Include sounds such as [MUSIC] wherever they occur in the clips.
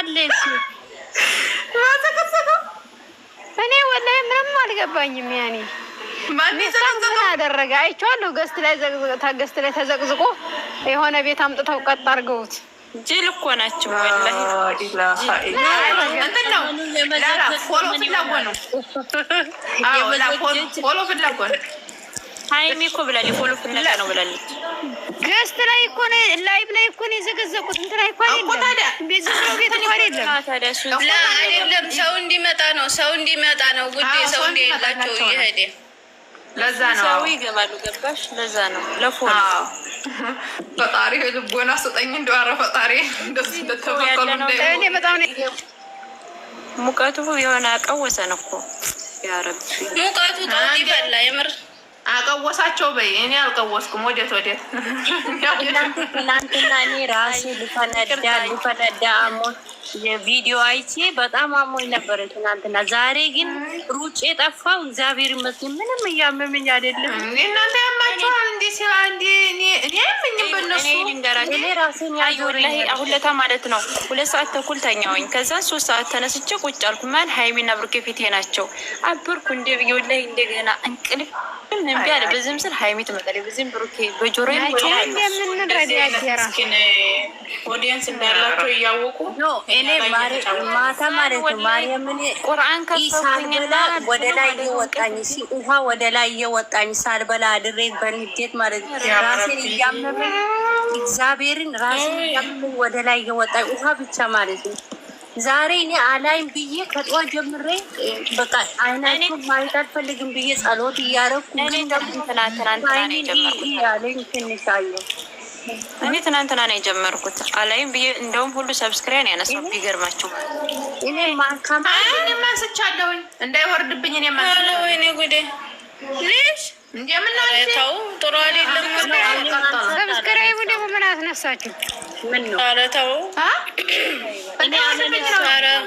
አለሽ? እኔ ወላሂ ምንም አልገባኝም። ያኔ ምን አደረገ? አይቼዋለሁ ገስት ላይ ገስት ላይ ተዘቅዝቆ የሆነ ቤት አምጥተው ቀጥ አድርገውት ጅል እኮ ናቸው። ፎሎ ፍላጎ ነው። ሀይሚ እኮ ብላለች ፎሎ ፍላጎ ነው ብላለች። ገስት ላይ እኮ ነው፣ ላይቭ ላይ እኮ ነው የዘገዘቁት። እንትን አይኳን የለም ቤት አይደለም ሰው እንዲመጣ ነው፣ ሰው እንዲመጣ ነው። ጉዴ ሰው እየሄደ ለዛ ነው ሰው ይገባሉ። ገባሽ? ለዛ ነው ፈጣሪ ልቦና እንደው ኧረ ፈጣሪ እንደዚህ ሙቀቱ የሆነ ቀወሰን እኮ ያረብ ሙቀቱ ይበላ የምር አቀወሳቸው በይ። እኔ አልቀወስኩም። ወዴት ወዴት ትናንትና እኔ ራሴ ልፈነዳ ልፈነዳ አሞት የቪዲዮ አይቼ በጣም አሞኝ ነበር ትናንትና። ዛሬ ግን ሩጬ ጠፋው። እግዚአብሔር ይመስገን ምንም እያመመኝ አይደለም። እናንተ ያማችኋል እንዲ ሲ አንዲ እኔ ምኝም በነሱ እኔ ራሴን ያዞረኝ አሁለታ ማለት ነው። ሁለት ሰዓት ተኩል ተኛውኝ። ከዛ ሶስት ሰዓት ተነስቼ ቁጭ አልኩ። ማን ሀይሚና ብሩኬ ፊቴ ናቸው። አብርኩ እንደ ብዬ እንደገና እንቅልፍ እምቢ አለ። በዚህም ስል ሀይሚ ትመጣለች፣ በዚህም ብሩኬ በጆሮ ኦዲየንስ እንዳላቸው እያወቁ ሌሌ ማታ ማለት ነው። ማርያምን ቁርአን ሳልበላ ወደ ላይ እየወጣኝ ውሃ ወደ ላይ እየወጣኝ ሳልበላ አድሬ በንዴት ማለት ራሴን እያመመኝ እግዚአብሔርን ራሴን እያመመኝ ወደ ላይ እየወጣኝ ውሃ ብቻ ማለት ነው። ዛሬ እኔ አላይም ብዬ ከጠዋት ጀምሬ በቃ አይናቸው ማየት አልፈልግም ብዬ ጸሎት እያረኩ ግን ትንሽ አየሁ እኔ ትናንትና ነው የጀመርኩት አላይም ብዬ እንደውም ሁሉ ሰብስክሪያን ያነሳው ቢገርማችሁ እኔ ማንስቻለሁኝ እንዳይወርድብኝ እኔ ማንስቻለሁኝ ጉዴ ልሽ እንደምናተው ጥሩ አይደለም ሰብስክራይቡ ደግሞ ምን አስነሳችሁ ምን ነው እኔ ኧረ ነው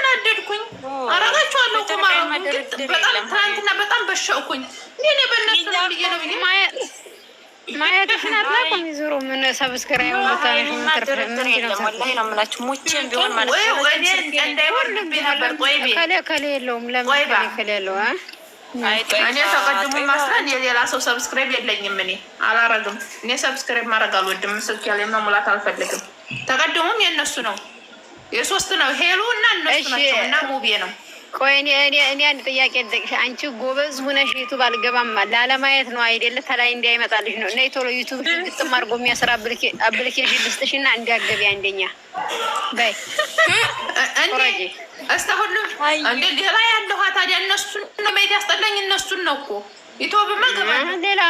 አውቃቸዋለሁ እኮ ማለት ነው። በጣም ትናንትና በጣም እኔ በእነሱ ነው ብዬ ነው ብዬ ማየትሽን ምን ሰብስክራይብ ነው ሙቼም ቢሆን ከሌ የለውም የለው እኔ ተቀድሞ የሌላ ሰው ሰብስክራይብ የለኝም። እኔ አላረግም። እኔ ሰብስክራይብ ማድረግ አልወድም። ስልክ ያለ መሙላት አልፈልግም። ተቀድሞም የእነሱ ነው የሶስት ነው ሄሉ እና እነሱ ናቸው እና ሙቤ ነው ቆይ እኔ እኔ አንድ ጥያቄ ልጠይቅሽ። አንቺ ጎበዝ ሁነሽ ዩቱብ አልገባማ ላለማየት ነው አይደለ? ተላይ እንዳይመጣልሽ ነው። እነ ቶሎ ዩቱብ ግጥም አድርጎ የሚያስራ አፕሊኬሽን ልስጥሽ እና እንዲያገቢ አንደኛ በይ እስተ ሁሉ እንደ ሌላ ያለኋ ታዲያ እነሱን ነው ማየት ያስጠላኝ። እነሱን ነው እኮ ዩቱብ ማ ገባ ሌላ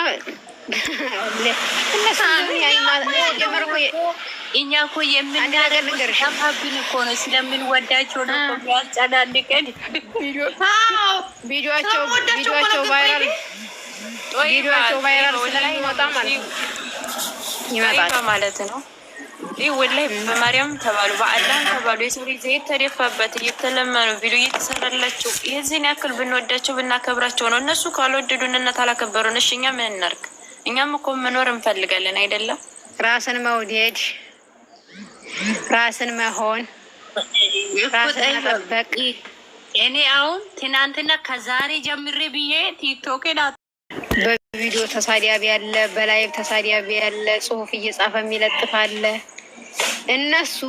እኛ እኮ የምናደርግ እኮ ነው። ስለምንወዳቸው ነው ቪዲዮቸው ቫይራል ይመጣል ማለት ነው። ይህ በማርያም ተባሉ በአላህ ተባሉ የሰው ልጅ እየተለመኑ ቪዲዮ እየተሰራላቸው የዚህን ያክል ብንወዳቸው ብናከብራቸው ነው። እነሱ ካልወደዱን እና ታላከበሩን እሺ እኛ ምን እናርግ? እኛም እኮ መኖር እንፈልጋለን አይደለም? ራስን መውደድ፣ ራስን መሆን፣ ራስን መጠበቅ። እኔ አሁን ትናንትና ከዛሬ ጀምሬ ብዬ ቲክቶክን በቪዲዮ ተሳዲያቢ ያለ፣ በላይቭ ተሳዲያቢ ያለ፣ ጽሁፍ እየጻፈ የሚለጥፋለ እነሱ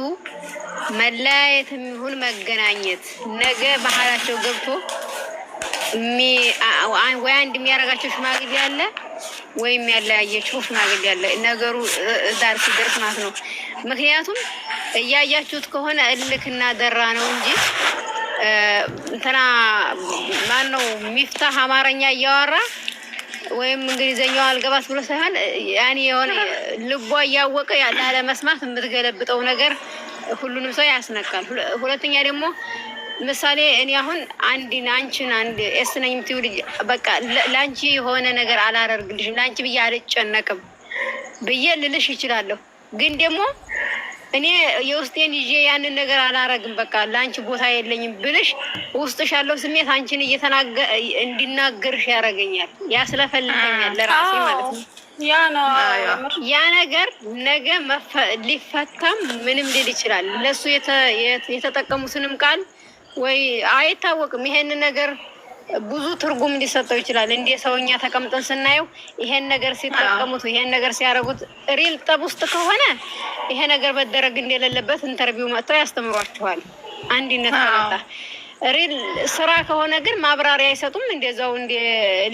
መለያየት የሚሆን መገናኘት ነገ ባህላቸው ገብቶ ወይ አንድ የሚያደርጋቸው ሽማግሌ አለ ወይም ያለያየችው ሽማግሌ ያለ ነገሩ ዳር ሲደርስ ማለት ነው። ምክንያቱም እያያችሁት ከሆነ እልክና ደራ ነው እንጂ እንትና ማን ነው ሚፍታህ አማርኛ እያወራ ወይም እንግሊዘኛው አልገባት ብሎ ሳይሆን ያኔ የሆነ ልቧ እያወቀ ላለመስማት የምትገለብጠው ነገር ሁሉንም ሰው ያስነቃል። ሁለተኛ ደግሞ ምሳሌ እኔ አሁን አንድ አንቺን አንድ ኤስ ነኝ በቃ ለአንቺ የሆነ ነገር አላደርግልሽም ለአንቺ ብዬ አልጨነቅም ብዬ ልልሽ ይችላለሁ። ግን ደግሞ እኔ የውስጤን ይዤ ያንን ነገር አላረግም በቃ ለአንቺ ቦታ የለኝም ብልሽ ውስጥሽ ያለው ስሜት አንቺን እንዲናገርሽ ያደርገኛል። ስለፈልገኛል ለራሴ ማለት ነው። ያ ነው ያ ነገር ነገ ሊፈታም ምንም ሊል ይችላል። ለእሱ የተጠቀሙትንም ቃል ወይ አይታወቅም። ይሄን ነገር ብዙ ትርጉም ሊሰጠው ይችላል። እንደ ሰውኛ ተቀምጠን ስናየው ይሄን ነገር ሲጠቀሙት፣ ይሄን ነገር ሲያደርጉት ሪል ጠብ ውስጥ ከሆነ ይሄ ነገር መደረግ እንደሌለበት ኢንተርቪው መጥተው ያስተምሯችኋል። አንድነት ከመጣ ሪል ስራ ከሆነ ግን ማብራሪያ አይሰጡም። እንደዛው እንደ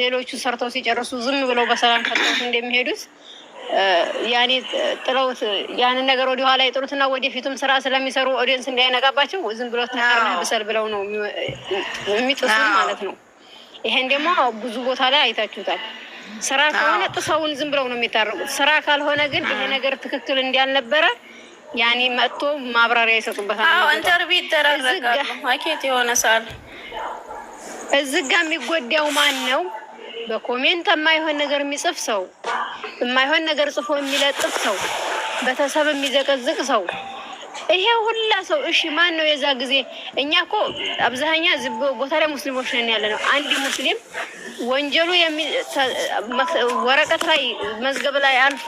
ሌሎቹ ሰርተው ሲጨርሱ ዝም ብለው በሰላም ፈጥተው እንደሚሄዱት ያኔ ጥለውት ያንን ነገር ወደ ኋላ የጥሩትና ወደፊቱም ስራ ስለሚሰሩ ኦዲየንስ እንዳይነጋባቸው ዝም ብሎ ተርብሰል ብለው ነው የሚጥሱ ማለት ነው። ይሄን ደግሞ ብዙ ቦታ ላይ አይታችሁታል። ስራ ከሆነ ጥሰውን ዝም ብለው ነው የሚታረቁት። ስራ ካልሆነ ግን ይሄ ነገር ትክክል እንዳልነበረ ያኔ መጥቶ ማብራሪያ ይሰጡበታል። ኢንተርቪ ማኬት የሆነ ሳል እዚህ ጋ የሚጎዳው ማን ነው? በኮሜንት የማይሆን ነገር የሚጽፍ ሰው፣ የማይሆን ነገር ጽፎ የሚለጥፍ ሰው፣ ቤተሰብ የሚዘቀዝቅ ሰው፣ ይሄ ሁላ ሰው እሺ፣ ማን ነው የዛ ጊዜ? እኛ እኮ አብዛኛ ቦታ ላይ ሙስሊሞች ነን ያለ ነው። አንድ ሙስሊም ወንጀሉ ወረቀት ላይ መዝገብ ላይ አልፎ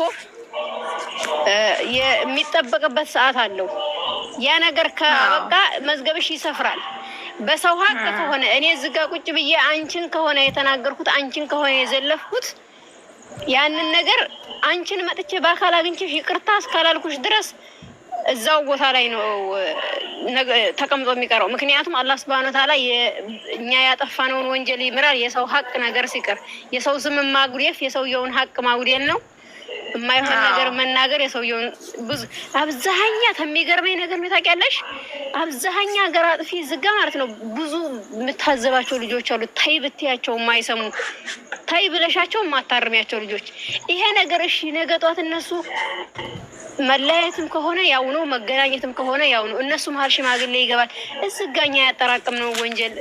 የሚጠበቅበት ሰዓት አለው። ያ ነገር ከበቃ መዝገብሽ ይሰፍራል። በሰው ሀቅ ከሆነ እኔ እዚህ ቁጭ ብዬ አንቺን ከሆነ የተናገርኩት አንቺን ከሆነ የዘለፍኩት ያንን ነገር አንቺን መጥቼ በአካል አግኝቼሽ ይቅርታ እስካላልኩሽ ድረስ እዛው ቦታ ላይ ነው ተቀምጦ የሚቀረው። ምክንያቱም አላህ ስብሃነ ወተዓላ እኛ ያጠፋነውን ወንጀል ይምራል። የሰው ሀቅ ነገር ሲቀር የሰው ስም ማጉደፍ የሰውየውን ሀቅ ማጉደል ነው። የማይሆን ነገር መናገር የሰውየውን ብዙ አብዛኛ ከሚገርመኝ ነገር ታውቂያለሽ፣ አብዛኛ ሀገር አጥፊ ዝጋ ማለት ነው። ብዙ የምታዘባቸው ልጆች አሉ። ታይ ብትያቸው የማይሰሙ ታይ ብለሻቸው የማታርሚያቸው ልጆች። ይሄ ነገር እሺ፣ ነገ ጧት እነሱ መለያየትም ከሆነ ያው ነው፣ መገናኘትም ከሆነ ያው ነው። እነሱ መሀል ሽማግሌ ይገባል። እስጋኛ ያጠራቅም ነው ወንጀል።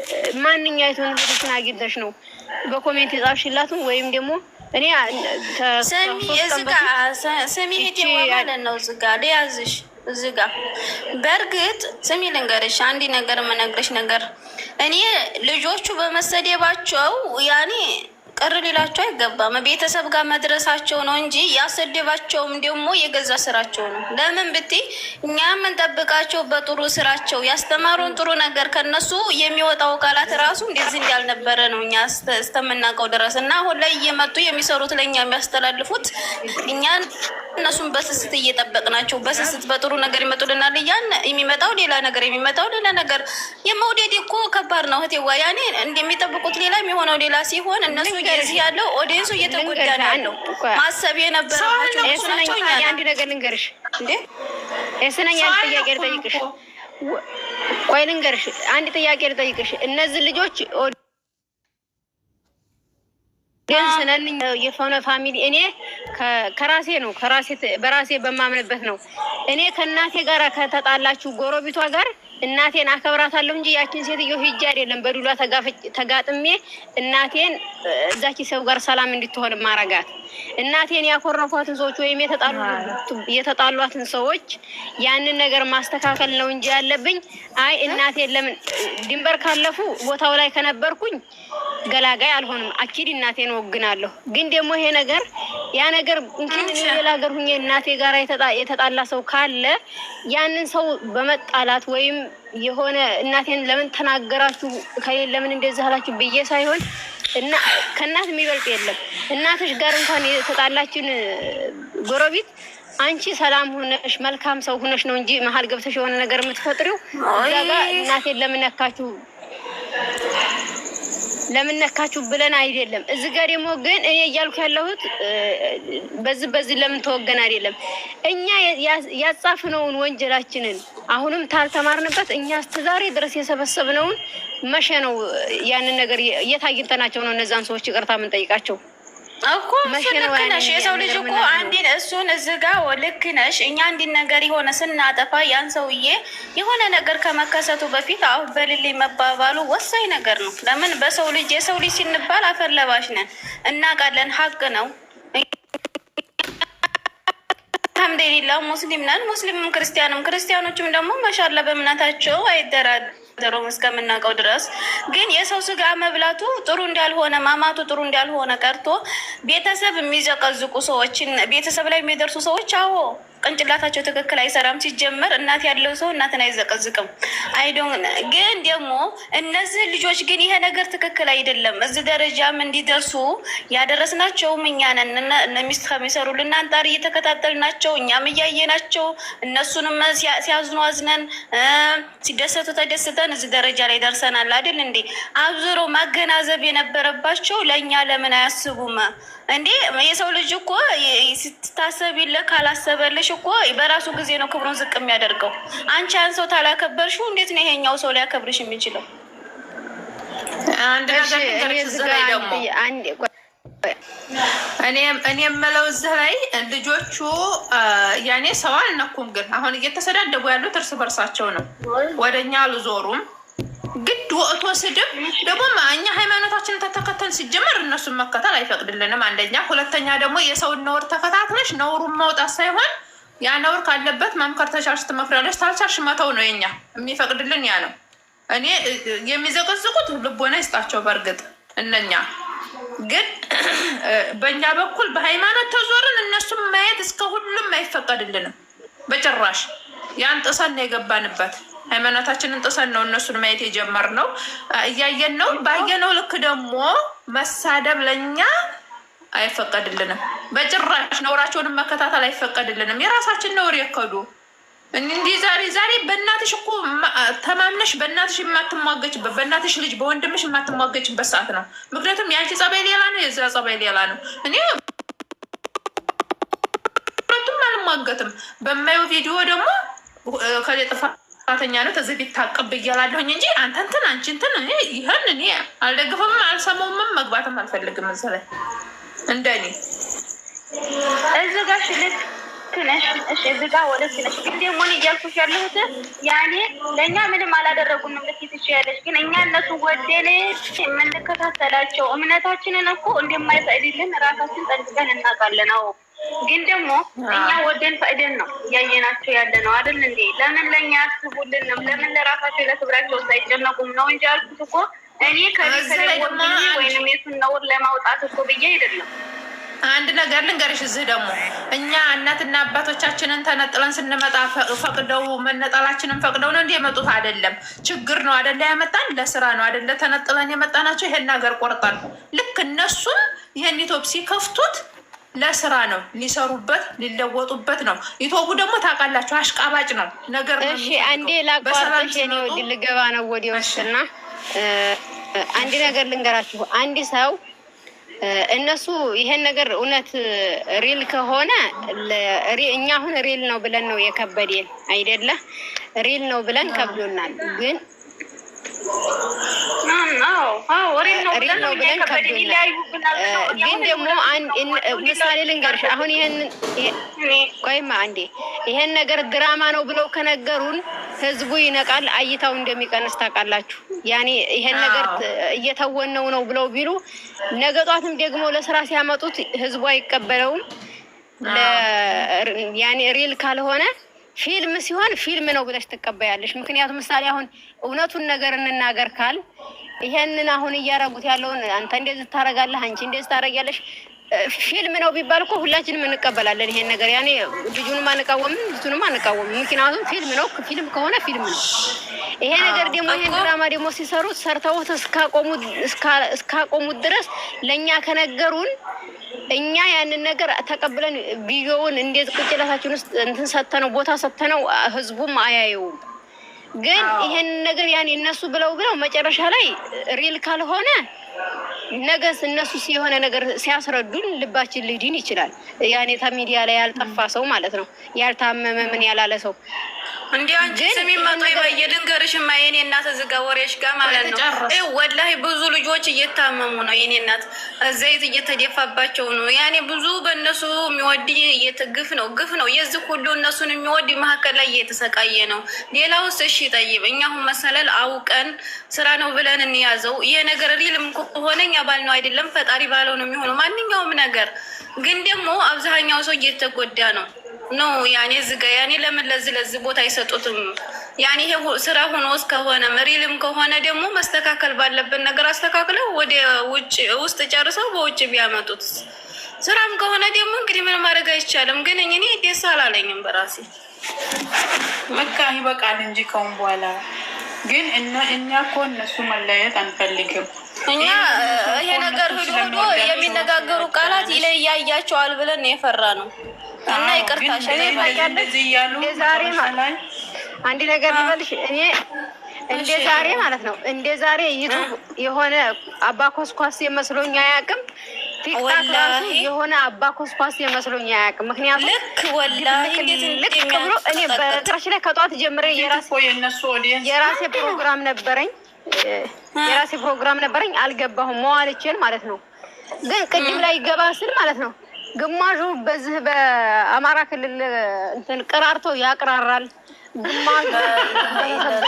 ማንኛይቱን ፊትሽን አግኝተሽ ነው በኮሜንት የጻፍሽላትም ወይም ደግሞ እኔ ሰሚ ማለት ነው። በእርግጥ ስሚ ልንገርሽ፣ አንድ ነገር የምነግርሽ ነገር እኔ ልጆቹ በመሰደባቸው ያኔ ቅር ሌላቸው አይገባም። ቤተሰብ ጋር መድረሳቸው ነው እንጂ ያሰደባቸውም ደግሞ የገዛ ስራቸው ነው። ለምን ብት እኛ የምንጠብቃቸው በጥሩ ስራቸው ያስተማሩን ጥሩ ነገር ከነሱ የሚወጣው ቃላት ራሱ እንደዚህ እንዳልነበረ ነው እኛ እስከምናውቀው ድረስ እና አሁን ላይ እየመጡ የሚሰሩት ለእኛ የሚያስተላልፉት እኛን እነሱም በስስት እየጠበቅ ናቸው። በስስት በጥሩ ነገር ይመጡልናል። ያን የሚመጣው ሌላ ነገር የሚመጣው ሌላ ነገር። የመውደድ እኮ ከባድ ነው እህቴዋ። ያኔ እንደሚጠብቁት ሌላ የሚሆነው ሌላ ሲሆን እነሱ እዚህ ያለው ኦዲየንሱ እየተጎዳ ነው ያለው። ማሰብ የነበረባቸው ናቸው። አንድ ነገር ልንገርሽ እንዴ የስነኛ ጥያቄ ልጠይቅሽ። ቆይ ልንገርሽ፣ አንድ ጥያቄ ልጠይቅሽ። እነዚህ ልጆች ግን ስለንኝ የሆነ ፋሚሊ እኔ ከራሴ ነው በራሴ በማምንበት ነው። እኔ ከእናቴ ጋር ከተጣላችሁ ጎረቤቷ ጋር እናቴን አከብራታለሁ እንጂ ያችን ሴትዮ ሂጅ አይደለም በዱላ ተጋጥሜ እናቴን እዛች ሰው ጋር ሰላም እንድትሆን ማረጋት። እናቴን ያኮረፏትን ሰዎች ወይም የተጣሏትን ሰዎች ያንን ነገር ማስተካከል ነው እንጂ ያለብኝ አይ እናቴን ለምን ድንበር ካለፉ ቦታው ላይ ከነበርኩኝ ገላጋይ አልሆንም። አኪድ እናቴን ወግናለሁ። ግን ደግሞ ይሄ ነገር ያ ነገር እንግዲህ ሌላ ሀገር ሁኜ እናቴ ጋር የተጣላ ሰው ካለ ያንን ሰው በመጣላት ወይም የሆነ እናቴን ለምን ተናገራችሁ ከሌ ለምን እንደዚህ አላችሁ ብዬ ሳይሆን እና ከእናት የሚበልጥ የለም። እናቶች ጋር እንኳን የተጣላችን ጎረቤት አንቺ ሰላም ሆነሽ መልካም ሰው ሆነሽ ነው እንጂ መሀል ገብተሽ የሆነ ነገር የምትፈጥሪው እዛ ጋር እናቴን ለምን ነካችሁ ለምን ነካችሁ ብለን አይደለም። እዚህ ጋር ደግሞ ግን እኔ እያልኩ ያለሁት በዚህ በዚህ ለምን ተወገን አይደለም። እኛ ያጻፍነውን ወንጀላችንን አሁንም ታልተማርንበት እኛ እስከዛሬ ድረስ የሰበሰብነውን መሸ ነው ያንን ነገር የታይንተናቸው ነው እነዛን ሰዎች ይቅርታ የምንጠይቃቸው? እኮ ልክ ነሽ። የሰው ልጅ እኮ አንዲን እሱን እዚህ ጋ ልክ ነሽ። እኛ አንዲን ነገር የሆነ ስናጠፋ ያን ሰውዬ የሆነ ነገር ከመከሰቱ በፊት አሁ በልል መባባሉ ወሳኝ ነገር ነው። ለምን በሰው ልጅ የሰው ልጅ ሲንባል አፈር ለባሽ ነን፣ እናውቃለን። ሀቅ ነው። አልሐምዱሊላህ ሙስሊም ነን፣ ሙስሊምም ክርስቲያንም፣ ክርስቲያኖችም ደግሞ መሻለ በእምነታቸው አይደራል ደሮም እስከምናውቀው ድረስ ግን የሰው ስጋ መብላቱ ጥሩ እንዳልሆነ ማማቱ ጥሩ እንዳልሆነ ቀርቶ ቤተሰብ የሚዘቀዝቁ ሰዎችን ቤተሰብ ላይ የሚደርሱ ሰዎች አዎ ቅንጭላታቸው ትክክል አይሰራም። ሲጀመር እናት ያለው ሰው እናትን አይዘቀዝቅም። አይዶን ግን ደግሞ እነዚህ ልጆች ግን ይሄ ነገር ትክክል አይደለም። እዚህ ደረጃም እንዲደርሱ ያደረስናቸውም እኛ ነን። እነሚስት ከሚሰሩልን አንጣር እየተከታተልናቸው እኛም እያየናቸው እነሱንም ሲያዝኑ አዝነን ሲደሰቱ ተደስተን እዚህ ደረጃ ላይ ደርሰናል አይደል እንዴ? አብዝሮ ማገናዘብ የነበረባቸው ለእኛ ለምን አያስቡም? እንዴ የሰው ልጅ እኮ ስትታሰቢለ ካላሰበልሽ እኮ በራሱ ጊዜ ነው ክብሩን ዝቅ የሚያደርገው። አንቺ ያን ሰው ታላከበርሽው እንዴት ነው ይሄኛው ሰው ሊያከብርሽ የሚችለው? እኔ የምለው እዚህ ላይ ልጆቹ ያኔ ሰው አልነኩም፣ ግን አሁን እየተሰዳደቡ ያሉት እርስ በርሳቸው ነው። ወደኛ አልዞሩም። ትወስድም ደግሞ እኛ ሃይማኖታችንን ተተከተል ሲጀመር እነሱን መከተል አይፈቅድልንም። አንደኛ፣ ሁለተኛ ደግሞ የሰውን ነውር ተከታትለሽ ነውሩን መውጣት ሳይሆን ያ ነውር ካለበት መምከር ተቻልሽ ትመክሪያለሽ፣ ታልቻልሽ መተው ነው የኛ የሚፈቅድልን ያ ነው። እኔ የሚዘቀዝቁት ልቦና ይስጣቸው። በእርግጥ እነኛ ግን [CLEARS THROAT] በእኛ በኩል በሃይማኖት ተዞርን እነሱን ማየት እስከ ሁሉም አይፈቀድልንም በጭራሽ። ያን ጥሰን ነው የገባንበት። ሃይማኖታችንን ጥሰን ነው እነሱን ማየት የጀመርነው። እያየን ነው። ባየነው ልክ ደግሞ መሳደብ ለእኛ አይፈቀድልንም። በጭራሽ ነውራቸውንም መከታተል አይፈቀድልንም። የራሳችን ነውር የከዱ እንዲህ ዛሬ ዛሬ በእናትሽ እኮ ተማምነሽ በእናትሽ የማትሟገጭበት በእናትሽ ልጅ በወንድምሽ የማትሟገጭበት ሰዓት ነው። ምክንያቱም የአንቺ ጸባይ ሌላ ነው፣ የዛ ጸባይ ሌላ ነው። እኔ ሁለቱም አልሟገትም። በማየው ቪዲዮ ደግሞ ከሌ ጥፋት ጥፋተኛ ነው ተዚህ ቤት ታቀብ እያላለሁኝ እንጂ አንተ እንትን አንቺ እንትን ይህን እኔ አልደግፍም፣ አልሰማውምም፣ መግባትም አልፈልግም። እዚህ ላይ እንደ እኔ እዚህ ጋር ሽልክ ትነሽ እሺ፣ እዚህ ጋር ወደ ትነሽ ግን ደግሞ እኔ እያልኩሽ ያለሁት ያኔ ለእኛ ምንም አላደረጉንም ልክ ትችያለሽ፣ ግን እኛ እነሱ ወደን የምንከታተላቸው እምነታችንን እኮ እንደማይፈቅድልን ራሳችን ጠንቅቀን እናውቃለን። አዎ ግን ደግሞ እኛ ወደን ፈቅደን ነው እያየናቸው ያለ ነው አይደል እንዴ? ለምን ለእኛ አስቡልንም? ለምን ለራሳቸው ለክብራቸው ሳይጨነቁም ነው እንጂ አልኩት እኮ እኔ ከቤተሰቦ ወይም የሱን ነውር ለማውጣት እኮ ብዬ አይደለም። አንድ ነገር ልንገርሽ። እዚህ ደግሞ እኛ እናትና አባቶቻችንን ተነጥለን ስንመጣ ፈቅደው መነጠላችንን ፈቅደው ነው እንዲህ የመጡት አይደለም። ችግር ነው አደለ? ያመጣን ለስራ ነው አደለ? ተነጥለን የመጣ ናቸው። ይሄን ነገር ቆርጣል። ልክ እነሱም ይህን ኢትዮፕሲ ከፍቱት ለስራ ነው፣ ሊሰሩበት ሊለወጡበት ነው። ኢትዮቡ ደግሞ ታውቃላችሁ አሽቃባጭ ነው ነገር። እሺ አንዴ ላቋርጥሽ፣ እኔ ልገባ ነው ወዲ ውስጥና አንድ ነገር ልንገራችሁ። አንድ ሰው እነሱ ይሄን ነገር እውነት ሪል ከሆነ እኛ አሁን ሪል ነው ብለን ነው የከበደን አይደለ? ሪል ነው ብለን ከብዶናል ግን ግን ደግሞ ምሳሌ ልንገርሽ። አሁን ይሄንን ቆይማ አንዴ ይሄን ነገር ድራማ ነው ብለው ከነገሩን ህዝቡ ይነቃል፣ አይታው እንደሚቀንስ ታውቃላችሁ። ያኔ ይሄን ነገር እየተወነው ነው ብለው ቢሉ ነገ ጧትም ደግሞ ለስራ ሲያመጡት ህዝቡ አይቀበለውም። ያኔ ሪል ካልሆነ ፊልም ሲሆን ፊልም ነው ብለሽ ትቀበያለሽ። ምክንያቱም ምሳሌ አሁን እውነቱን ነገር እንናገር ካል ይሄንን አሁን እያረጉት ያለውን አንተ እንደዚህ ታረጋለህ፣ አንቺ እንደዚህ ታረጊያለሽ ፊልም ነው ቢባል እኮ ሁላችንም እንቀበላለን ይሄን ነገር። ያኔ ልጁንም አንቃወምም ልጁንም አንቃወምም። ምክንያቱም ፊልም ነው፣ ፊልም ከሆነ ፊልም ነው። ይሄ ነገር ደግሞ ይሄን ድራማ ደግሞ ሲሰሩት ሰርተውት እስካቆሙት ድረስ ለእኛ ከነገሩን እኛ ያንን ነገር ተቀብለን ቪዲዮውን እንዴት ቅጭላታችን ውስጥ እንትን ሰተነው ቦታ ሰተነው ህዝቡም አያየውም። ግን ይሄን ነገር ያን እነሱ ብለው ብለው መጨረሻ ላይ ሪል ካልሆነ ነገ እነሱ የሆነ ነገር ሲያስረዱን ልባችን ሊድን ይችላል። ያኔ ሚዲያ ላይ ያልጠፋ ሰው ማለት ነው ያልታመመ ምን ያላለ ሰው እንዲ አንቺ ስሚማ ተይ በይ የድንገርሽማ የኔ እናት እዚህ ጋር ወሬሽ ጋር ማለት ነው። ወላሂ ብዙ ልጆች እየታመሙ ነው። የኔ እናት ዘይት እየተደፋባቸው ነው። ያኔ ብዙ በእነሱ የሚወድ ግፍ ነው ግፍ ነው። የዚህ ሁሉ እነሱን የሚወድ መካከል ላይ እየተሰቃየ ነው። ሌላውስ እሺ ጠይብ እኛ አሁን መሰለል አውቀን ስራ ነው ብለን እንያዘው። ይሄ ነገር ሪልም ከሆነ እኛ ባል ነው አይደለም ፈጣሪ ባለው ነው የሚሆነው ማንኛውም ነገር። ግን ደግሞ አብዛኛው ሰው እየተጎዳ ነው። ኖ ያኔ ዝጋ ያኔ ለምን ለዚህ ለዚህ ቦታ አይሰጡትም? ያኔ ይሄ ስራ ሆኖ ከሆነ መሪልም ከሆነ ደግሞ መስተካከል ባለብን ነገር አስተካክለው ወደ ውጭ ውስጥ ጨርሰው በውጭ ቢያመጡት ስራም ከሆነ ደግሞ እንግዲህ ምን ማድረግ አይቻልም። ግን እኔ ደስ አላለኝም በራሴ በቃ ይበቃል እንጂ ከሁን በኋላ ግን እና እኛ እኮ እነሱ መለየት አንፈልግም። እኛ ይሄ ነገር ሂዶ ሂዶ የሚነጋገሩ ቃላት ይለያያቸዋል ብለን የፈራ ነው እና ይቅርታ የዛሬ አንድ ነገር ልበልሽ እኔ እንደ ዛሬ ማለት ነው እንደ ዛሬ ዩቱብ የሆነ አባ ኮስኳስ የመስሎኝ አያውቅም። ቲክታክ ራሱ የሆነ አባ ኮስኳስ የመስሎኝ አያውቅም። ምክንያቱም ልክ ብሎ እኔ በጥራሽ ላይ ከጠዋት ጀምሬ የራሴ ፕሮግራም ነበረኝ የራሴ ፕሮግራም ነበረኝ አልገባሁም መዋልችን ማለት ነው። ግን ቅድም ላይ ይገባ ስል ማለት ነው ግማሹ በዚህ በአማራ ክልል እንትን ቀራርቶ ያቅራራል፣ ግማሹ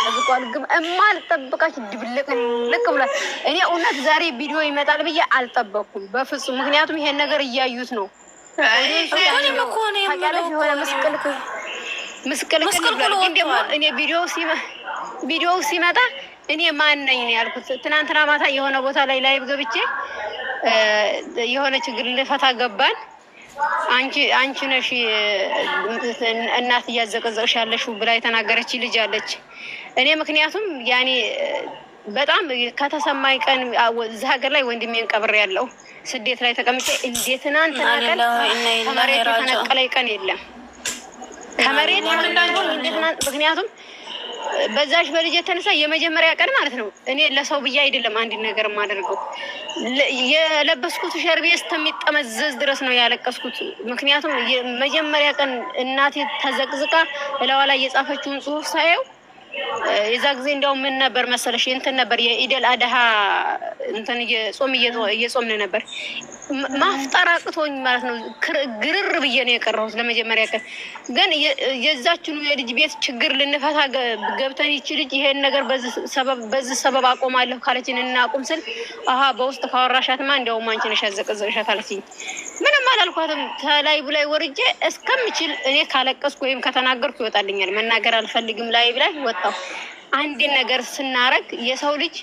ተዝቋል። ድብልቅ ልቅ ብሏል። እኔ እውነት ዛሬ ቪዲዮ ይመጣል ብዬ አልጠበኩም በፍጹም። ምክንያቱም ይሄን ነገር እያዩት ነው። ምስቅልቅል ቪዲዮ ሲመጣ እኔ ማን ነኝ ነው ያልኩት። ትናንትና ማታ የሆነ ቦታ ላይ ላይቭ ገብቼ የሆነ ችግር ልፈታ ገባን አንቺ ነሽ እናት እያዘቀዘቅሽ ያለሽው ብላ የተናገረች ልጅ አለች። እኔ ምክንያቱም ያኔ በጣም ከተሰማኝ ቀን እዚህ ሀገር ላይ ወንድሜን ቀብር ያለው ስደት ላይ ተቀምጬ እንደ ትናንትና ቀን ከመሬት የተነቀለኝ ቀን የለም። ከመሬት ምክንያቱም በዛሽ በልጅ የተነሳ የመጀመሪያ ቀን ማለት ነው። እኔ ለሰው ብዬ አይደለም አንድ ነገር የማደርገው። የለበስኩት ሸርቤ እስከሚጠመዘዝ ድረስ ነው ያለቀስኩት። ምክንያቱም የመጀመሪያ ቀን እናቴ ተዘቅዝቃ እላዋ ላይ የጻፈችውን ጽሁፍ ሳየው የዛ ጊዜ እንዲያው ምን ነበር መሰለሽ እንትን ነበር የኢደል አድሃ እንትን ጾም እየጾምን ነበር። ማፍጠር አቅቶኝ ማለት ነው ግርር ብዬ ነው የቀረሁት። ለመጀመሪያ ቀን ግን የዛችኑ የልጅ ቤት ችግር ልንፈታ ገብተን ይቺ ልጅ ይሄን ነገር በዚህ ሰበብ አቆማለሁ ካለችን እናቁም ስል አሀ በውስጥ ካወራሻትማ እንዲያውም አንቺ ነሽ ያዘቀዘቅሻት አለችኝ። ምንም አላልኳትም። ከላይብ ላይ ወርጄ እስከምችል እኔ ካለቀስኩ ወይም ከተናገርኩ ይወጣልኛል። መናገር አልፈልግም። ላይ ላይ ወጣሁ። አንድን ነገር ስናረግ የሰው ልጅ